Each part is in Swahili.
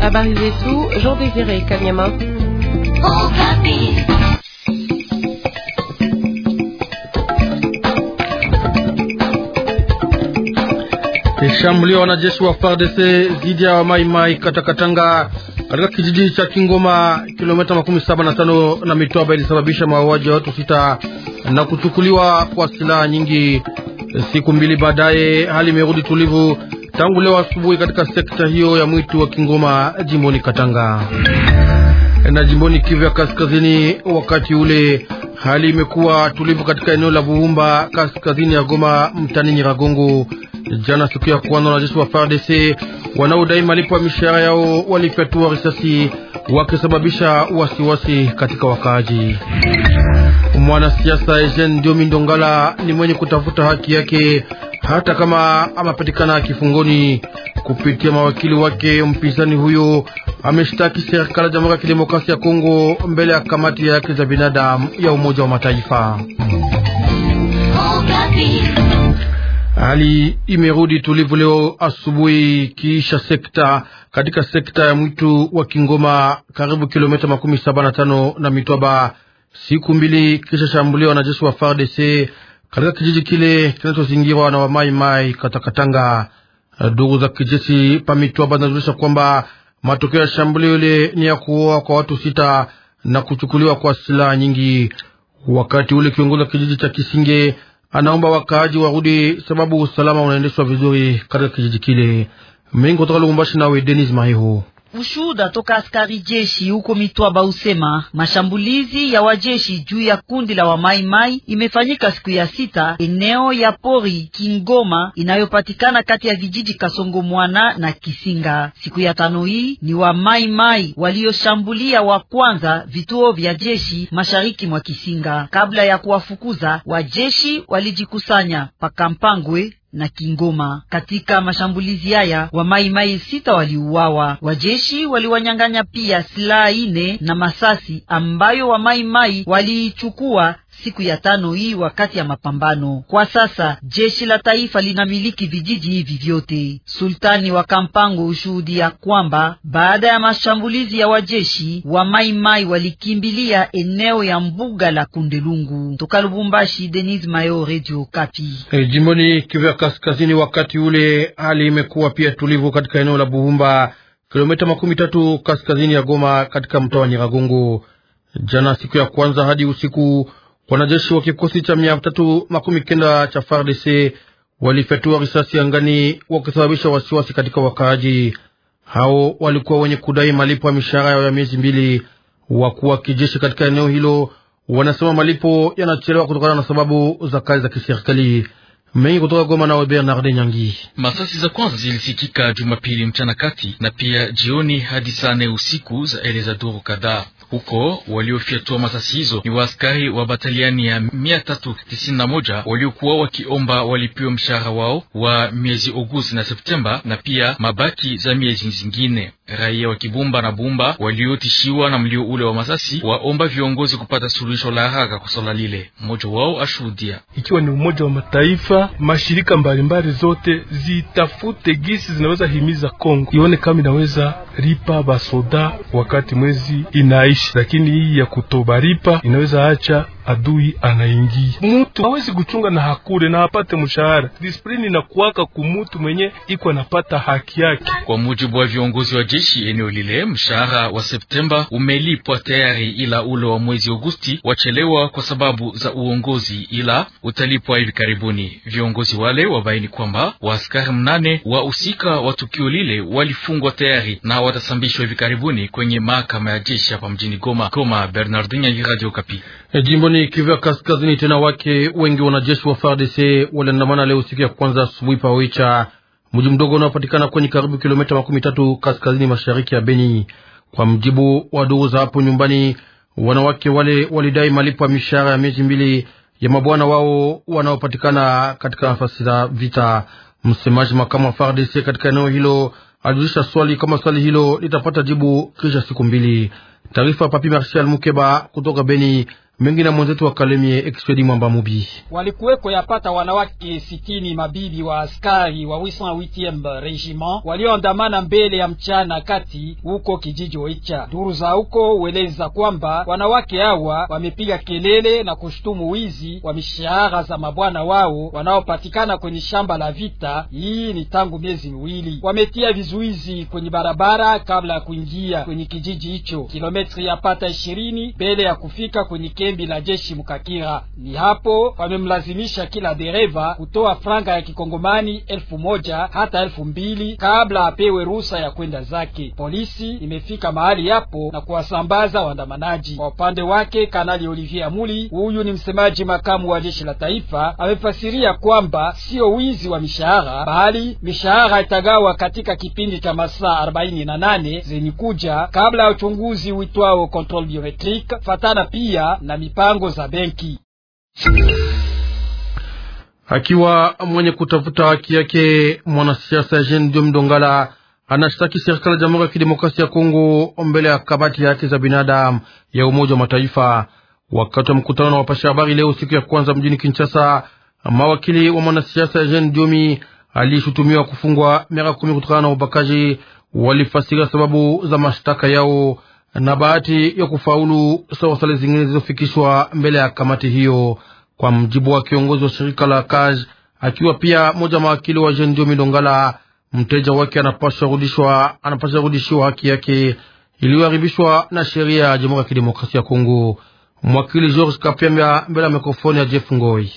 Habari zetu Jean Désiré Kanyama. Shambulio wanajeshi wa FARDC dhidi ya Maimai Katakatanga katika kijiji cha Kingoma kilomita makumi saba na tano na Mitwaba ilisababisha mauaji ya watu sita na kuchukuliwa kwa silaha nyingi. Siku mbili baadaye hali imerudi tulivu tangu leo asubuhi katika sekta hiyo ya mwitu wa Kingoma jimboni Katanga na jimboni Kivu ya Kaskazini. Wakati ule hali imekuwa tulivu katika eneo la Buhumba kaskazini ya Goma mtani Nyiragongo. Jana siku ya kwanza, wanajeshi wa FARDC wanaodai malipo ya mishahara yao walifyatua risasi wakisababisha wasiwasi katika wakaaji. Mwanasiasa Eugene Diomi Ndongala ni mwenye kutafuta haki yake hata kama amepatikana kifungoni. Kupitia mawakili wake, mpinzani huyo ameshtaki serikali ya Jamhuri ya Kidemokrasia ya Kongo mbele ya kamati ya haki za binadamu ya Umoja wa Mataifa. Hali imerudi tulivu leo asubuhi kiisha sekta katika sekta ya mwitu wa Kingoma, karibu kilomita makumi saba na tano na Mitwaba, siku mbili kisha shambulio wanajeshi wa FARDC katika kijiji kile kinachozingirwa na wamai wamaimai Katakatanga. Eh, ndugu za kijeshi Pamitwaba zinajulisha kwamba matokeo ya shambulio ile ni ya kuoa kwa watu sita na kuchukuliwa kwa silaha nyingi. Wakati ule kiongozi wa kijiji cha Kisinge anaomba wakaaji warudi, sababu usalama unaendeshwa vizuri katika kijiji kile. Mingi kutoka Lubumbashi, nawe Denis Mahihu. Ushuhuda toka askari jeshi huko Mitwaba usema mashambulizi ya wajeshi juu ya kundi la wamaimai imefanyika siku ya sita eneo ya pori Kingoma inayopatikana kati ya vijiji Kasongo Mwana na Kisinga. Siku ya tano hii ni wamaimai walioshambulia wa kwanza vituo vya jeshi mashariki mwa Kisinga. Kabla ya kuwafukuza wajeshi, walijikusanya pakampangwe na Kingoma. Katika mashambulizi haya wa mai sita waliuawa, wajeshi waliwanyang'anya pia silaha ine na masasi ambayo wa mai waliichukua siku ya tano hii wakati ya mapambano. Kwa sasa jeshi la taifa linamiliki vijiji hivi vyote. Sultani wa Kampango ushuhudia kwamba baada ya mashambulizi ya wajeshi wa Maimai walikimbilia eneo ya mbuga la Kundelungu. Toka Lubumbashi, Denis Mayo, Radio Kapi. Hey, jimboni Kivu ya kaskazini, wakati ule hali imekuwa pia tulivu katika eneo la Buhumba, kilomita makumi tatu kaskazini ya Goma, katika mtaa wa Nyiragongo. Jana siku ya kwanza hadi usiku Wanajeshi wa kikosi cha mia tatu makumi kenda cha FARDC walifyatua risasi angani wakisababisha wasiwasi katika wakaaji hao. Walikuwa wenye kudai malipo ya mishahara yao ya miezi mbili. Wakuu wa kijeshi katika eneo hilo wanasema malipo yanachelewa kutokana na sababu za kazi za kiserikali. Mengi kutoka Goma na Bernard Nyangi. Masasi za kwanza zilisikika Jumapili mchana kati na pia jioni hadi saa nne usiku za eleza duru kadhaa. Huko waliofyatua masasi hizo ni waaskari wa bataliani ya mia tatu tisini na moja waliokuwa wakiomba walipiwe mshahara wao wa miezi Agosti na Septemba na pia mabaki za miezi zingine. Raia wa Kibumba na Bumba waliotishiwa na mlio ule wa masasi waomba viongozi kupata suluhisho la haraka kwa swala lile. Mmoja wao ashuhudia, ikiwa ni Umoja wa Mataifa, mashirika mbalimbali zote zitafute gisi zinaweza himiza Kongo ione kama inaweza ripa basoda wakati mwezi inaishi, lakini hii ya kutobaripa inaweza acha adui anaingia mutu hawezi kuchunga na hakure na apate mshahara. Disiplini na kuwaka kumutu mwenye iko anapata haki yake. Kwa mujibu wa viongozi wa jeshi eneo lile, mshahara wa Septemba umelipwa tayari, ila ule wa mwezi Agosti wachelewa kwa sababu za uongozi, ila utalipwa hivi karibuni. Viongozi wale wabaini kwamba waaskari mnane wa usika wa tukio lile walifungwa tayari na watasambishwa hivi karibuni kwenye mahakama ya jeshi hapa mjini Goma. Goma, Bernardin Radio Kapi. E, jimbo Jimboni Kivu Kaskazini, tena wake wengi wanajeshi wa FARDC waliandamana leo siku ya kwanza asubuhi pa Oicha, mji mdogo unaopatikana kwenye karibu kilomita makumi tatu kaskazini mashariki ya Beni. Kwa mjibu wa ndugu za hapo nyumbani, wanawake wale walidai malipo ya mishahara ya miezi mbili ya mabwana wao wanaopatikana katika nafasi za vita. Msemaji makamu wa FARDC katika eneo hilo alijulisha swali kama swali hilo litapata jibu kisha siku mbili. Taarifa Papi Marshal Mukeba kutoka Beni mengi na mwenzetu wa Kalemie Expedi Mwamba Mubi. Walikuweko yapata wanawake sitini mabibi wa askari wa 8 regiment walioandamana mbele ya mchana kati huko kijiji Oicha. Duru za huko ueleza kwamba wanawake hawa wamepiga kelele na kushtumu wizi wa mishahara za mabwana wao wanaopatikana kwenye shamba la vita. Hii ni tangu miezi miwili. Wametia vizuizi kwenye barabara kabla ya kuingia kwenye kijiji hicho, kilometri yapata ishirini mbele ya kufika kwenye kambi la jeshi Mukakira. Ni hapo wamemlazimisha kila dereva kutoa franga ya kikongomani elfu moja hata elfu mbili kabla apewe ruhusa ya kwenda zake. Polisi imefika mahali hapo na kuwasambaza waandamanaji. Kwa upande wake, Kanali Olivier Amuli, huyu ni msemaji makamu wa jeshi la taifa, amefasiria kwamba sio wizi wa mishahara, bali mishahara itagawa katika kipindi cha masaa 48 zenye kuja kabla ya uchunguzi witwao control biometrique fatana pia na mipango za benki. Akiwa mwenye kutafuta haki yake, mwanasiasa Jean Diom dongala anashtaki serikali ya Jamhuri ya Kidemokrasia ya Kongo mbele ya kamati ya haki za binadamu ya Umoja wa Mataifa. Wakati wa mkutano na wapasha habari leo siku ya kwanza mjini Kinshasa, mawakili wa mwanasiasa Jean Diomi aliyeshutumiwa kufungwa miaka kumi kutokana na ubakaji walifasira sababu za mashtaka yao na bahati ya kufaulu sawasale zingine zilizofikishwa mbele ya kamati hiyo, kwa mjibu wa kiongozi wa shirika la kaz akiwa pia moja mawakili wa Jean Dio Milongala. Mteja wake anapaswa rudishwa anapaswa rudishiwa haki yake iliyoharibishwa na sheria ya Jamhuri ya Kidemokrasia ya Kongo. Mwakili George Kapemba mbele ya mikrofoni ya Jeff Ngoi.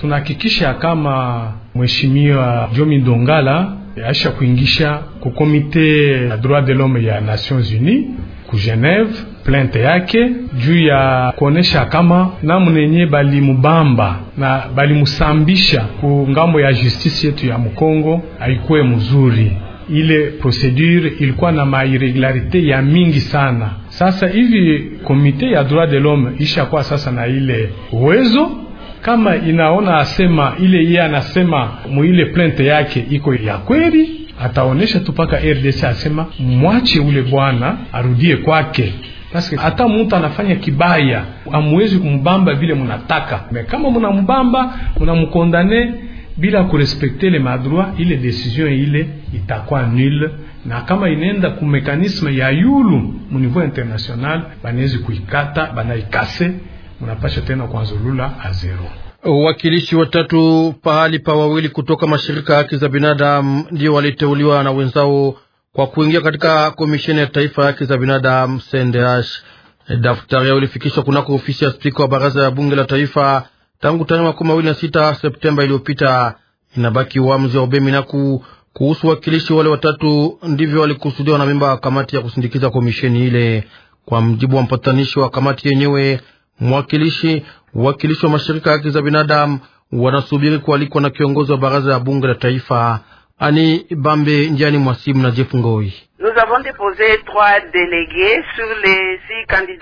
Tunahakikisha kama mheshimiwa Jomi Ndongala asha kuingisha ku komite ya droit de l'homme ya Nations Unies ku Geneve plainte yake juu ya kuonesha kama namunenye balimubamba na balimusambisha ku ngambo ya justice yetu ya Mkongo haikuwe mzuri. Ile procedure ilikuwa na mairegularite ya mingi sana. Sasa hivi komite ya droit de l'homme ishakuwa sasa na ile uwezo kama inaona asema ile yeye anasema muile plainte yake iko ya kweli ataonesha tu paka RDC asema mwache ule bwana arudie kwake. Basi hata mtu anafanya kibaya amwezi kumbamba vile mnataka. Kama mnambamba mnamkondane bila kurespekte le madroit, ile decision ile itakuwa nul, na kama inenda ku mekanisme ya yulu mu niveau international, banaezi kuikata, banaikase, mnapasha tena kuanzulula a zero. Wakilishi watatu pahali pa wawili kutoka mashirika ya haki za binadamu ndio waliteuliwa na wenzao kwa kuingia katika komisheni ya taifa ya haki za binadamu CNDH. Daftari yao ilifikishwa kunako ofisi ya spika wa baraza ya bunge la taifa tangu tarehe makumi mawili na sita Septemba iliyopita. Inabaki uamuzi wa Ubeminaku kuhusu wakilishi wale watatu, ndivyo walikusudiwa na memba wa kamati ya kusindikiza komisheni ile, kwa mjibu wa mpatanishi wa kamati yenyewe mwakilishi wakilishi wa mashirika ya haki za binadamu wanasubiri kualikwa na kiongozi wa baraza ya bunge la taifa ani Bambe Njani Mwasimu na jefu Ngoi.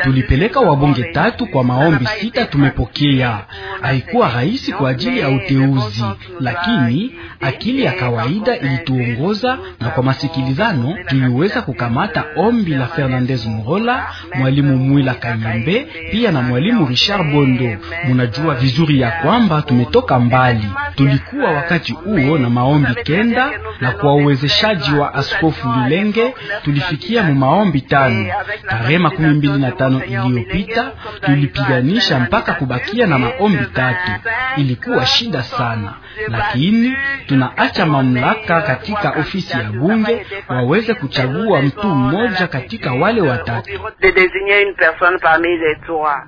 Tulipeleka wabunge tatu kwa maombi sita tumepokea. Haikuwa rahisi kwa ajili ya uteuzi, lakini akili ya kawaida ilituongoza, na kwa masikilizano tuliweza kukamata ombi la Fernandez Morola, mwalimu Mwila Kayembe pia na mwalimu Richard Bondo. Munajua vizuri ya kwamba tumetoka mbali. Tulikuwa wakati huo na maombi kenda na kwa uwezeshaji wa Askofu Lilenge tulifikia mu maombi tano. Tarehe makumi mbili na tano iliyopita tulipiganisha mpaka kubakia na maombi tatu. Ilikuwa shida sana, lakini tunaacha mamlaka katika ofisi ya bunge waweze kuchagua mtu mmoja katika wale watatu.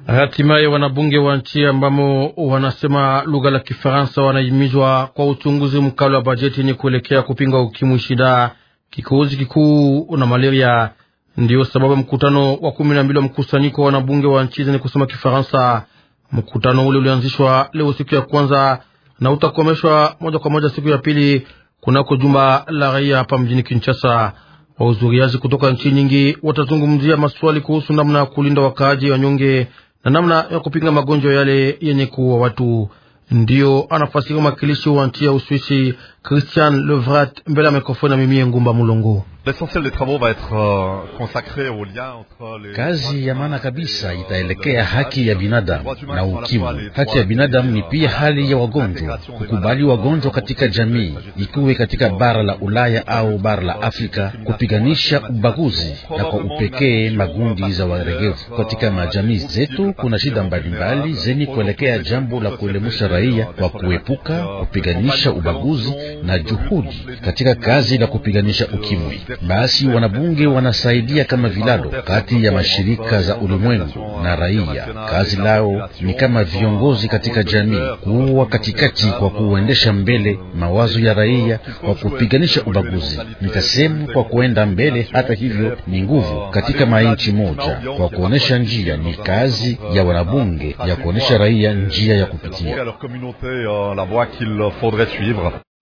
Hatimaye wanabunge wa nchi ambamo wanasema lugha la Kifaransa wanahimizwa kwa uchunguzi mkali wa bajeti yenye kuelekea kupinga ukimwi shida kikozi kikuu na malaria ndiyo sababu mkutano wa kumi na mbili wa mkusanyiko wa wanabunge wa nchi zenye kusoma Kifaransa. Mkutano ule ulianzishwa leo siku ya kwanza na utakomeshwa moja kwa moja siku ya pili kunako jumba la raia hapa mjini Kinshasa. Wahudhuriaji kutoka nchi nyingi watazungumzia maswali kuhusu namna ya kulinda wakaaji wanyonge na namna ya kupinga magonjwa yale yenye kuua watu. Ndiyo anafasiri mwakilishi wa nchi ya Uswisi Christian Levrat mbele ya mikrofoni na mimi Ngumba Mulongo. Euh, Kazi ya maana kabisa euh, itaelekea haki ya binadamu na ukimwi. Haki ya binadamu ni pia hali ya wagonjwa, kukubali wagonjwa katika jamii, ikiwe katika bara la Ulaya au bara la Afrika, kupiganisha ubaguzi na kwa upekee magundi za waregevu katika euh, majamii zetu. Kuna shida mbalimbali zenye kuelekea jambo la kuelemusha raia kwa kuepuka kupiganisha ubaguzi na juhudi katika kazi la kupiganisha ukimwi. Basi wanabunge wanasaidia kama vilalo kati ya mashirika za ulimwengu na raia. Kazi lao ni kama viongozi katika jamii, kuwa katikati kwa kuendesha mbele mawazo ya raia kwa kupiganisha ubaguzi. Nitasema kwa kuenda mbele, hata hivyo ni nguvu katika mainchi moja, kwa kuonesha njia. Ni kazi ya wanabunge ya kuonesha raia njia ya kupitia.